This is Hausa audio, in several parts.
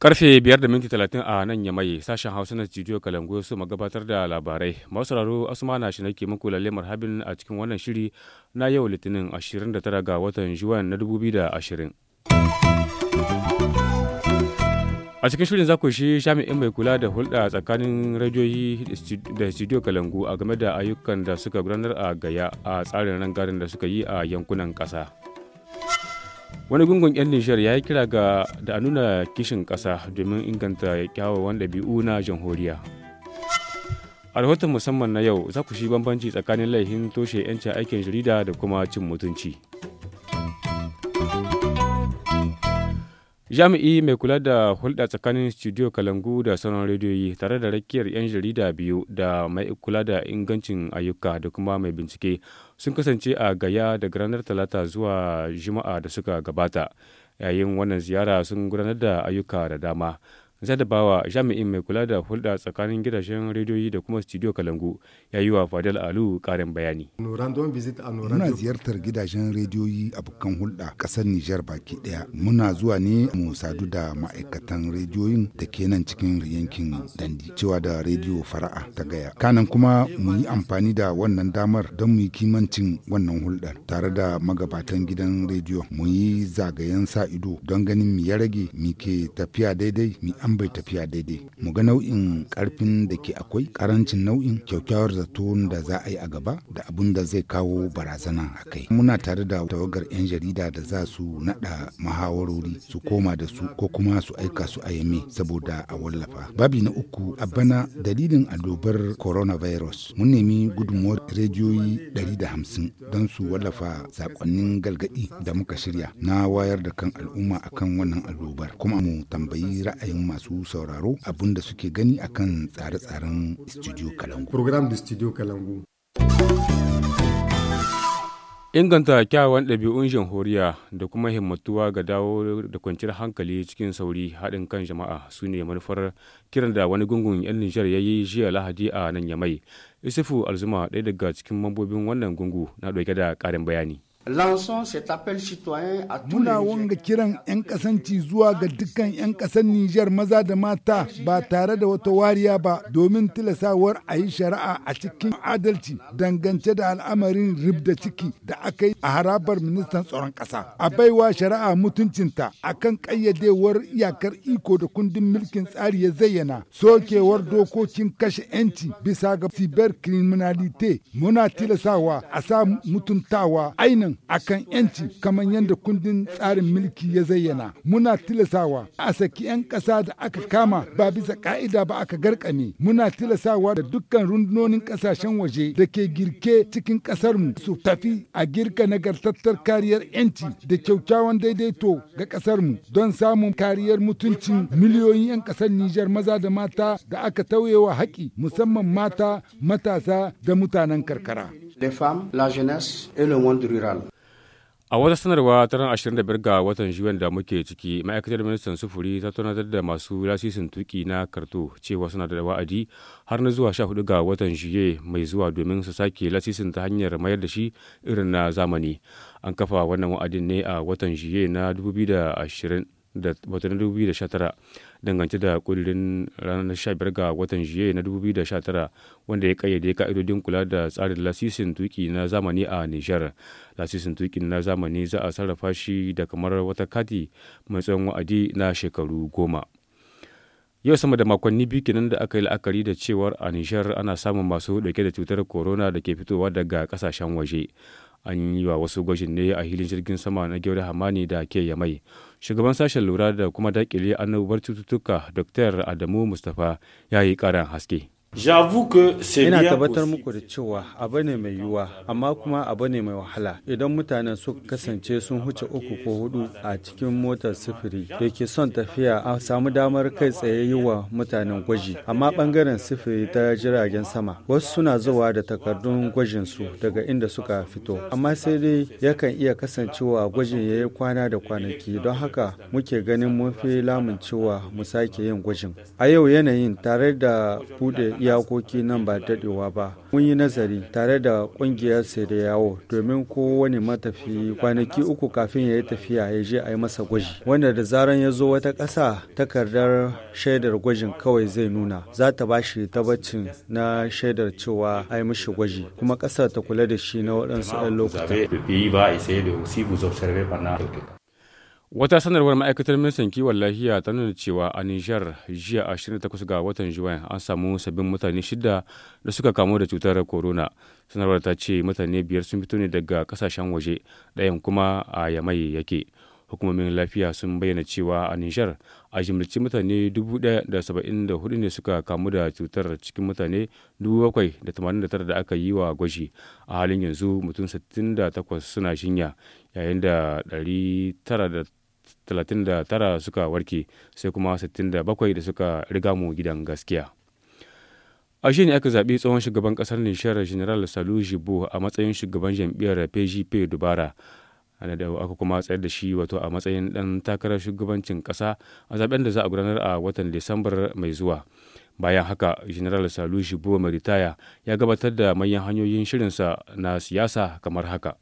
Karfe biyar da minti talatin a nan ya mai sashen Hausa na studio Kalangu su magabatar da labarai. Masu asuma na shi nake muku lalle marhabin a cikin wannan shiri na yau Litinin 29 ga watan Juwan na 2020. a cikin shirin za ku shi jami'in mai kula da hulɗa tsakanin radiyoyi da studio kalangu a game da ayyukan da suka gudanar a gaya a tsarin rangarin da suka yi a yankunan ƙasa wani gungun 'yan nijar ya yi kira ga da nuna kishin ƙasa domin inganta kyawawan ɗabi'u na jamhuriya a rahoton musamman na yau za ku shi bambanci tsakanin laifin toshe 'yancin aikin jarida da kuma cin mutunci Jami'i mai kula da hulɗa tsakanin Studio Kalangu da sauran rediyoyi tare da rakiyar 'yan jarida biyu da mai kula da ingancin ayyuka da kuma mai bincike sun kasance a gaya da ranar Talata zuwa Juma'a da suka gabata. Yayin wannan ziyara sun gudanar da ayyuka da dama. Zadabawa jami'in mai kula da hulɗa tsakanin gidajen rediyoyi da kuma studio Kalangu ya yi wa Fadil Alu ƙarin bayani. Muna ziyartar gidajen rediyoyi abokan hulɗa ƙasar Nijar baki ɗaya. Muna zuwa ne mu sadu da ma'aikatan rediyoyin da ke nan cikin yankin Dandi cewa da rediyo Fara'a ta Gaya. Kanan kuma mu yi amfani da wannan damar don mu yi kimancin wannan hulɗar tare da magabatan gidan rediyo mu yi zagayen sa ido don ganin mu ya rage mu ke tafiya daidai mu an bai tafiya daidai mu ga nau'in karfin da ke akwai karancin nau'in kyaukyawar zato da za a yi a gaba da abin da zai kawo barazana a kai muna tare da tawagar 'yan jarida da za su nada mahawarori su koma da su ko kuma su aika su a yame saboda a wallafa babi na uku a bana dalilin allobar coronavirus mun nemi gudunmuwar rediyoyi hamsin don su wallafa sakonnin galgadi da muka shirya na wayar da kan al'umma akan wannan allobar kuma mu tambayi ra'ayin masu masu sauraro abin da suke gani akan tsare-tsaren studio kalangu. Program da studio kalangu. Inganta kyawawan ɗabi'un jamhuriya da kuma himmatuwa ga dawo da kwanciyar hankali cikin sauri haɗin kan jama'a su ne manufar kiran da wani gungun 'yan Nijar ya yi jiya Lahadi a nan ya mai isifu Alzuma ɗaya daga cikin mambobin wannan gungu na ɗauke da ƙarin bayani. Muna wanga kiran 'yan kasanci zuwa ga dukkan 'yan kasan Nijar maza da mata ba tare da wata wariya ba domin tilasawar a yi shari'a a cikin adalci dangance da al'amarin ribda ciki da aka yi a harabar ministan tsaron ƙasa. A baiwa shari'a mutuncinta a kan ƙayyadewar iyakar iko da kundin mulkin tsari ya zayyana sokewar dokokin kashe 'yanci bisa ga cyber criminalite muna tilasawa a sa mutuntawa ainihin a akan yanci kamar yadda kundin tsarin mulki ya zayyana. Muna tilasawa a saki 'yan ƙasa da aka kama ba bisa ka'ida ba aka garkame. Muna tilasawa da dukkan rundunonin ƙasashen waje da ke girke cikin ƙasarmu su tafi a girka nagartattar kariyar yanci da kyaukyawan daidaito ga ƙasarmu don samun kariyar mutuncin miliyoyin 'yan ƙasar Nijar maza da mata da aka tauyewa haƙi musamman mata, matasa da mutanen karkara. les femmes, la jeunesse et le monde rural. A wata sanarwa ta ran 25 ga watan juyan da muke ciki, ma'aikatar ministan sufuri ta tunatar da masu lasisin tuki na karto cewa suna da wa'adi har na zuwa 14 ga watan juye mai zuwa domin su sake lasisin ta hanyar mayar da shi irin na zamani. An kafa wannan wa'adin ne a watan juye na 2020. da watan 2019 dangance da kudirin ranar 15 ga watan jiye na 2019 wanda ya kayyade ka'idodin kula da tsarin lasisin tuki na zamani a Nijar. Lasisin tuki na zamani za a sarrafa shi da kamar wata kati mai tsawon wa'adi na shekaru goma. yau sama da makonni biyu kenan da aka yi la'akari da cewar a nijar ana samun masu dauke da cutar corona da ke fitowa daga kasashen waje an yi wa wasu gwajin ne a hilin jirgin sama na gyauri hamani da ke yamai shugaban sashen lura da kuma dakile annobar cututtuka dr adamu mustapha ya yi karan haske Ina tabbatar muku da cewa abu ne mai yiwuwa, amma kuma abu ne mai wahala. Idan mutanen suka kasance sun huce uku ko hudu a cikin motar sifiri da ke son tafiya a samu damar kai tsaye yi wa mutanen gwaji. Amma bangaren sifiri ta jiragen sama, wasu suna zuwa da takardun gwajin su daga inda suka fito. Amma sai dai yakan iya kasancewa gwajin ya yi kwana da kwanaki don haka muke ganin mun fi lamun cewa mu sake yin gwajin. A yau yanayin tare da bude iyakoki nan ba daɗewa ba. Mun yi nazari tare da ƙungiyar sai da yawo domin kowane matafi kwanaki uku kafin ya yi tafiya ya je a yi masa gwaji. Wanda da zaran ya zo wata ƙasa takardar shaidar gwajin kawai zai nuna za ta ba shi tabbacin na shaidar cewa a yi mishi gwaji kuma ƙasar ta kula da shi na waɗansu ɗan lokuta. Wata sanarwar ma'aikatar ministan kiwon lafiya ta nuna cewa a Nijar jiya 28 ga watan Juwan an samu sabbin mutane shida da suka kamu da cutar corona. Sanarwar ta ce mutane biyar sun fito ne daga kasashen waje ɗayan kuma a yamai yake. Hukumomin lafiya sun bayyana cewa a Nijar a jimlici mutane 1,074 ne suka kamu da cutar cikin mutane 789 da aka yi wa gwaji. A halin yanzu mutum 68 suna jinya yayin da 39 suka warke sai kuma 67 da suka riga mu gidan gaskiya. a shi ne aka zaɓi tsohon shugaban ƙasar nishiyar general salu jibo a matsayin shugaban jam'iyyar pgp dubara da aka kuma tsayar da shi wato a matsayin ɗan takarar shugabancin ƙasa a zaɓen da za a gudanar a watan disambar mai zuwa bayan haka general salu buwa maritaya ya gabatar da manyan hanyoyin shirinsa na siyasa kamar haka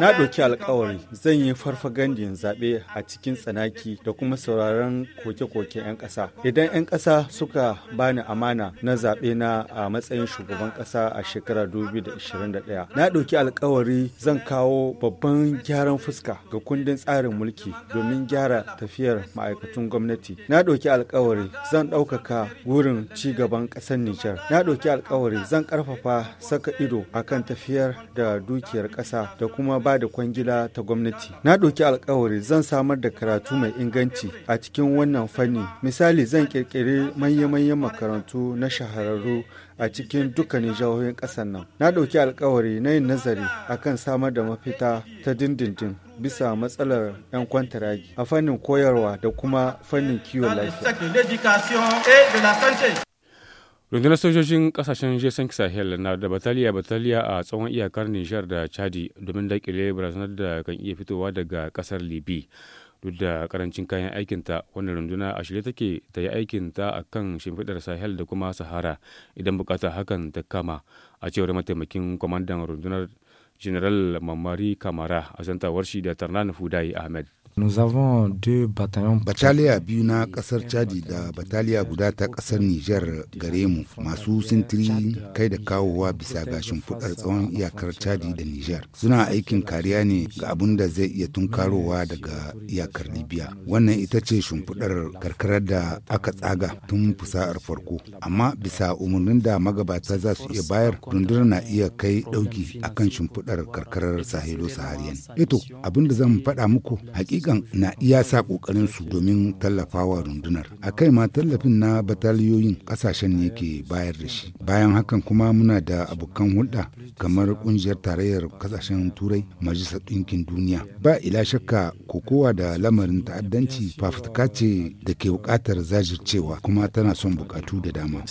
na ɗauki alkawari zan yi farfagandin zaɓe a cikin tsanaki da kuma sauraron koke-koke 'yan ƙasa idan 'yan ƙasa suka bani amana na zaɓe na a matsayin shugaban ƙasa a shekarar 2021 na ɗauki alkawari zan kawo babban gyaran fuska ga kundin tsarin mulki domin gyara tafiyar ma'aikatun gwamnati na ɗauki alkawari zan ɗaukaka wurin ci gaban ƙasar Nijar. Na ɗauki alkawari zan ƙarfafa saka ido akan tafiyar da dukiyar ƙasa da kuma ba da kwangila ta gwamnati. Na ɗauki alkawari zan samar da karatu mai inganci a cikin wannan fanni. Misali zan ƙirƙiri manya-manyan makarantu na shahararru a cikin dukkanin jihohin ƙasar nan. Na ɗauki alkawari na yin nazari akan samar da mafita ta dindindin bisa matsalar 'yan kwantaragi a fannin koyarwa da kuma fannin kiwon lafiya. rundunar sojojin kasashen jason sahel na da bataliya bataliya a tsawon iyakar nijar da chadi domin dakile barazanar da kan iya fitowa daga kasar libi duk da karancin kayan aikinta wani runduna a shirye take ta yi aikinta a kan shimfidar sahel da kuma sahara idan bukatar hakan ta kama a cewar mataimakin kwamandan rundunar General Mamari Kamara, Azanta Warshi da Tarnan Fudai Ahmed. Nous avons Bataliya biyu na kasar Chadi da bataliya guda ta kasar niger gare mu masu sintiri kai da kawowa bisa ga shimfiɗar tsawon iyakar Chadi da niger Suna aikin kariya ne ga abun da zai iya tunkarowa daga iyakar Libya. Wannan ita ce shimfiɗar karkarar da aka tsaga tun fusa'ar farko. Amma bisa umarnin da magabata za su iya bayar rundunar na iya kai ɗauki akan shimfiɗar karkarar Sahelo Sahariyan. Ito abin da zan faɗa muku hakika hakikan na iya sa kokarin su domin tallafawa rundunar a kai ma tallafin na bataliyoyin kasashen ne ke bayar da shi bayan hakan kuma muna da abokan hulɗa kamar kungiyar tarayyar kasashen turai majalisar ɗinkin duniya ba ila shakka kokowa da lamarin ta'addanci fafutuka ce da ke buƙatar zajircewa kuma tana son buƙatu da dama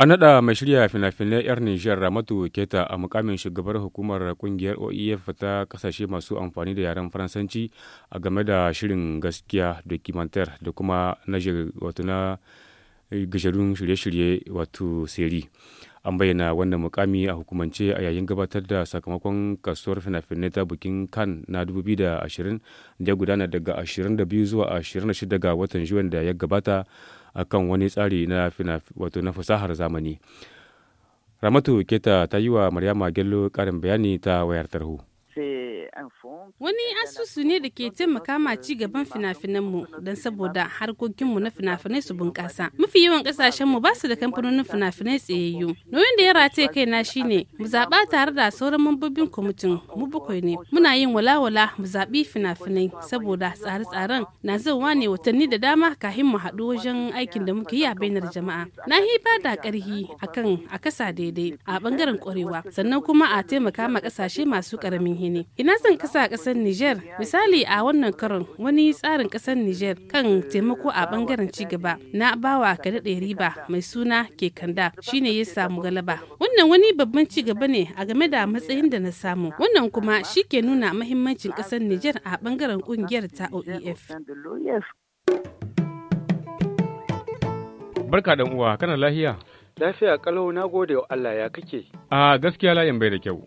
An naɗa mai shirya fina-finai 'yar Nijar Ramatu Keta a mukamin shugabar hukumar kungiyar OEF ta kasashe masu amfani da yaren Faransanci a game da shirin gaskiya dokimantar da kuma na gajerun shirye-shirye wato seri. An bayyana wannan mukami a hukumance a yayin gabatar da sakamakon kasuwar fina-finai ta bukin kan na 2020 da ya gudana daga 22 zuwa 26 ga watan Juwan da ya gabata. akan wani tsari na wato na fasahar zamani ramatu keta ta yi wa maryama gello karin bayani ta wayar tarho Wani asusu ne da ke taimaka ma ci gaban fina-finanmu don saboda harkokinmu na fina-finai su bunƙasa. Mafi yawan ƙasashenmu ba su da kamfanonin fina-finai tsayayyu. Nauyin da ya rataye kaina shine mu zaɓa tare da sauran mambobin kwamitin mu bakwai ne. Muna yin walawala mu zaɓi fina-finai saboda tsare-tsaren na zauwa ne watanni da dama kafin mu haɗu wajen aikin da muke yi a bainar jama'a. Na ba da ƙarhi akan a kasa daidai a ɓangaren ƙwarewa sannan kuma a taimaka ma ƙasashe masu ƙaramin hini. Ina Na san kasa kasar Nijar, misali a wannan karon wani tsarin kasar Nijar kan taimako a bangaren cigaba na bawa ka daɗe riba mai suna kekanda kanda shine ya samu galaba. Wannan wani babban cigaba ne a game da matsayin da na samu. Wannan kuma shi ke nuna mahimmancin kasar Nijar a bangaren kungiyar ta OEF. Barka dan uwa, kana lahiya? Lafiya kalau na gode wa Allah ya kake. A gaskiya layin bai da kyau.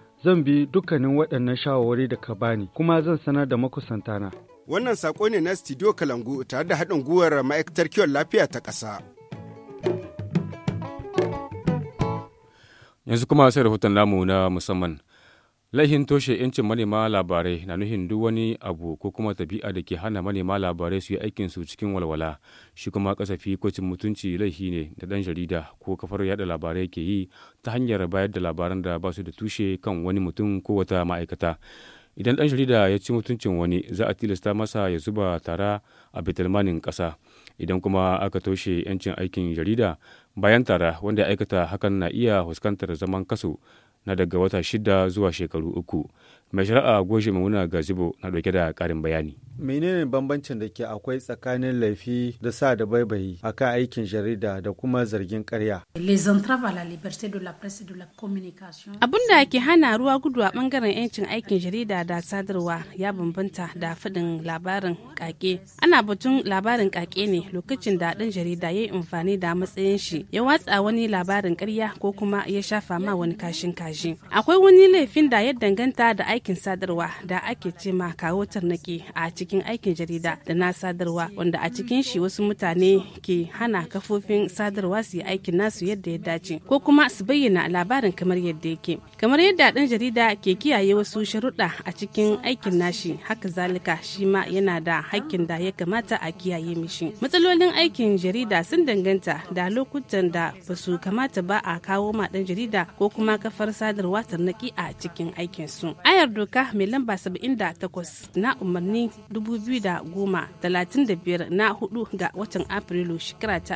zan bi dukkanin waɗannan shawarwari da ka bani kuma zan sanar da makusantana. Wannan saƙo ne na Studio Kalangu tare da haɗin gwiwar ma'aikatar kiwon lafiya ta ƙasa. Yanzu kuma sai rahoton lamu na musamman. Laihin toshe 'yancin manema labarai na nuhin duk wani abu ko kuma tabi'a da ke hana manema labarai su yi aikin su cikin walwala, shi kuma kasafi ko cin mutunci laihi ne da dan jarida ko kafar yada labarai ke yi ta hanyar bayar da labaran da ba su da tushe kan wani mutum ko wata ma'aikata. Idan dan jarida ya ci mutuncin wani za a tilasta masa ya zuba tara a bitalmanin kasa Idan kuma aka toshe 'yancin aikin jarida bayan tara wanda ya aikata hakan na iya fuskantar zaman kaso na daga wata shida zuwa shekaru uku mai shari'a goshe ga zubo na dauke da karin bayani menene bambancin da ke akwai tsakanin laifi da sa da baibayi akan aikin jarida da kuma zargin karya abin da ke hana ruwa gudu a bangaren yancin aikin jarida da sadarwa ya bambanta da fadin labarin kake ana batun labarin kake ne lokacin da dan jarida ya yi amfani da matsayin shi ya watsa wani labarin karya ko kuma ya shafa ma wani kashin kashi akwai wani laifin da ya danganta da aikin aikin sadarwa da ake ce ma kawo tarnaki a cikin aikin jarida da na sadarwa wanda a cikin shi wasu mutane ke hana kafofin sadarwa su yi aikin nasu yadda ya dace ko kuma su bayyana labarin kamar yadda yake kamar yadda ɗan jarida ke kiyaye wasu sharuɗa a cikin aikin nashi haka zalika shi ma yana da hakkin da ya kamata a kiyaye mishi matsalolin aikin jarida sun danganta da lokutan da ba su kamata ba a kawo ma ɗan jarida ko kuma kafar sadarwa tarnaki a cikin aikin su ayar doka mai lamba 78 na umarni da biyar na hudu ga watan Afrilu shekara ta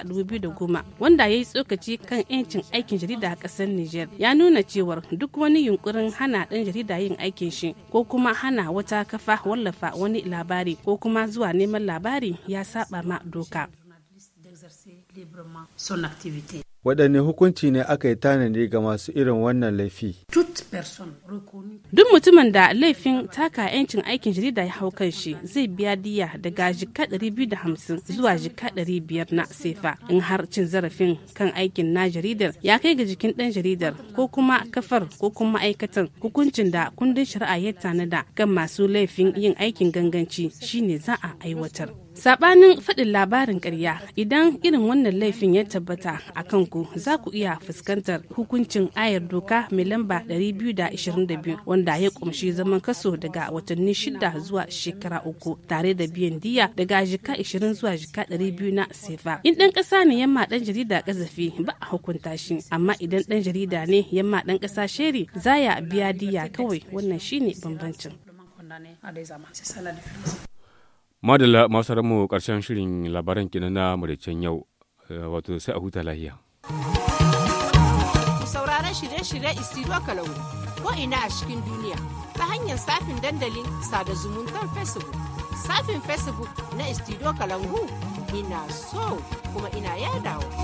goma wanda ya yi tsokaci kan 'yancin aikin jarida a ƙasar Nijar ya nuna cewa duk wani yunkurin hana ɗan jarida yin aikin shi ko kuma hana wata kafa wallafa wani labari ko kuma zuwa neman labari ya saba ma doka. waɗanne hukunci ne aka yi tanadi ga masu irin wannan laifi. Duk mutumin da laifin taka 'yancin aikin jarida ya hau kan shi zai biya diya daga jika 250 zuwa jika 500 na sefa in har cin zarafin kan aikin na jaridar ya kai ga jikin ɗan jaridar ko kuma kafar ko kuma ma'aikatan hukuncin da kundin shari'a ya tanada kan masu laifin yin aikin ganganci shine za a aiwatar. Sabanin faɗin labarin ƙarya idan irin wannan laifin ya tabbata a kanku za ku iya fuskantar hukuncin ayar doka mai lamba 222 wanda ya kumshi zaman kaso daga watanni shida zuwa shekara uku tare da biyan diya daga jika 20 zuwa jika 200 na sefa. In ɗan ƙasa ne yamma ɗan jarida ƙazafi ba a hukunta shi amma idan ɗan jarida ne yamma ɗan ƙasa sheri za ya biya diya kawai wannan shine bambancin. madalla masu mu karshen shirin labaran kenan na maraicen yau eh, wato sai a huta lahiya sauraron shirye-shirye istiro kalau ko ina a cikin duniya ta hanyar safin dandalin sada zumuntar facebook safin facebook na istiro kalangu ina so kuma ina yadawa